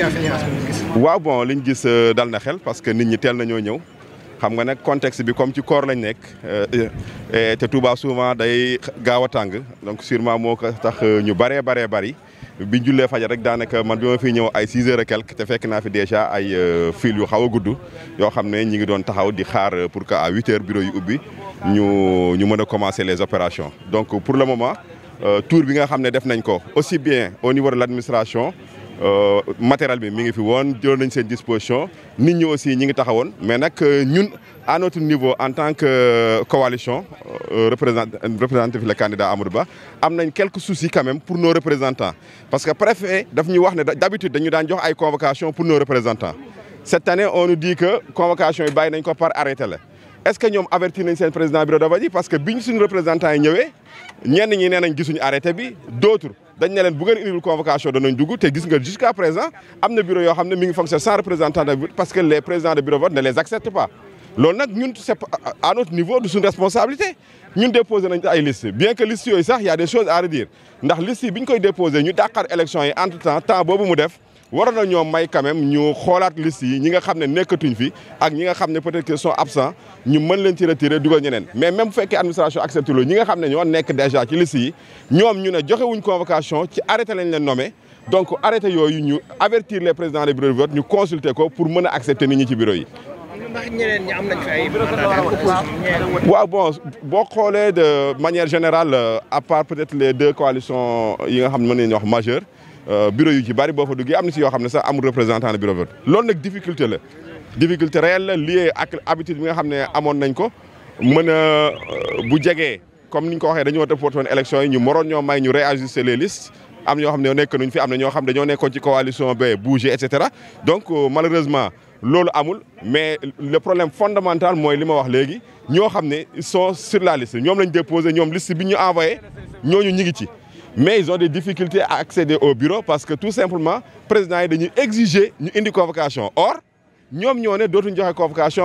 waaw bon liñ gis euh, dal na xel parce que nit ñi teel nañoo ñëw xam nga nag contexte bi comme ci koor lañ nekk euh, te Touba souvent day gaaw a tàng donc sûrement moo ko tax euh, ñu baree baree bari biñ jullee fajar rek daanaka man bi ñëw ay six heures et fekk naa fi déjà ay fil yu xaw a gudd yoo xam ne ñi ngi doon taxaw di xaar pour que à huit heures yu ubbi ñu ñu mën a commencer les opérations donc pour le moment tour bi nga xam ne def nañ ko aussi bien au niveau de l'administration Euh, matériel bi mi ngi fi woon jëloon nañ seen disposition nit ñi aussi ñi ngi taxawoon mais nag euh, ñun à notre niveau en tant que euh, coalition représenté fi le candidat Amadou Ba am nañ quelques soucis quand même pour nos représentants parce que préfet daf ñuy wax ne d'habitude dañu daan jox ay convocation pour nos représentants cette année on nous dit que convocation yi bàyyi ko par arrêté la est-ce que ñoom avertir nañ seen président bureau de vote yi parce que biñ suñu représentants yi ñëwee ñenn ñi nee nañ gisuñu arrêté bi d'autres dañ ne leen bu ngeen indil convocation danañ dugg te gis nga jusqu'à présent am na bureau yoo xam ne mi ngi fonctionne représentant de parce que les présidents de bureau vote ne les acceptent pas loolu nag ñun c'est à notre niveau du suñu responsabilité ñun déposé nañ ay liste bien que liste yooyu sax y des choses à redire ndax liste yi bi ñu koy déposé ñu dàqar élection yi entre temps temps boobu mu def waroon na ñoom may quand ñu xoolaat liste yi ñi nga xam ne nekkatuñ fi ak ñi nga xam ne peut-être qu'ils sont ñu mën leen ci retirer dugal ñeneen mais même bu fekkee administration accepté loolu ñi nga xam ne ñoo nekk déjà ci liste yi ñoom ñu ne joxewuñ convocation ci arrêté lañ leen nommé donc arrêté yooyu ñu avertir les président des bureaux de vote ñu consulter ko pour mën a accepter nit ñi ci bureau yi. waaw bon boo xoolee de manière générale euh, à part peut-être les deux coalitions yi nga xam ne mën nañu wax majeures. Euh, bureau yu ci bari boo fa duggee am na si yoo xam ne sax amul représentant de bureau vote loolu nag difficulté la difficulté réelle la liée habitude bi nga xam ne amoon nañ ko mën a euh, bu jegee comme ni ñu ko waxee dañoo reporté woon élection yi ñu moroon ñoo may ñu réajuster les listes am ñoo xam ne nekk nuñ fi am na ñoo xam dañoo nekkoon ci coalition ba bouger et cetera donc euh, malheureusement loolu amul mais le problème fondamental mooy li ma wax léegi ñoo xam ne ils sont sur la liste ñoom lañ déposé ñoom liste bi ñu envoyé ñooñu ñi ngi ci mais ils ont des difficultés à accéder au bureau parce que tout simplement président yi dañuy exiger ñu indi convocation or ñoom ñoo ne dootuñu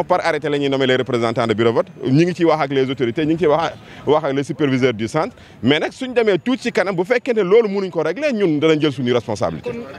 par arrêté la ñuy nommer les représentants de bureau vote ñu ngi ciy wax ak les autorités ñu ngi wa wax wax ak les superviseurs du centre mais nag suñ demee tuuti ci kanam bu fekkee ne loolu mënuñ ko régler ñun danañ jël suñu responsabilité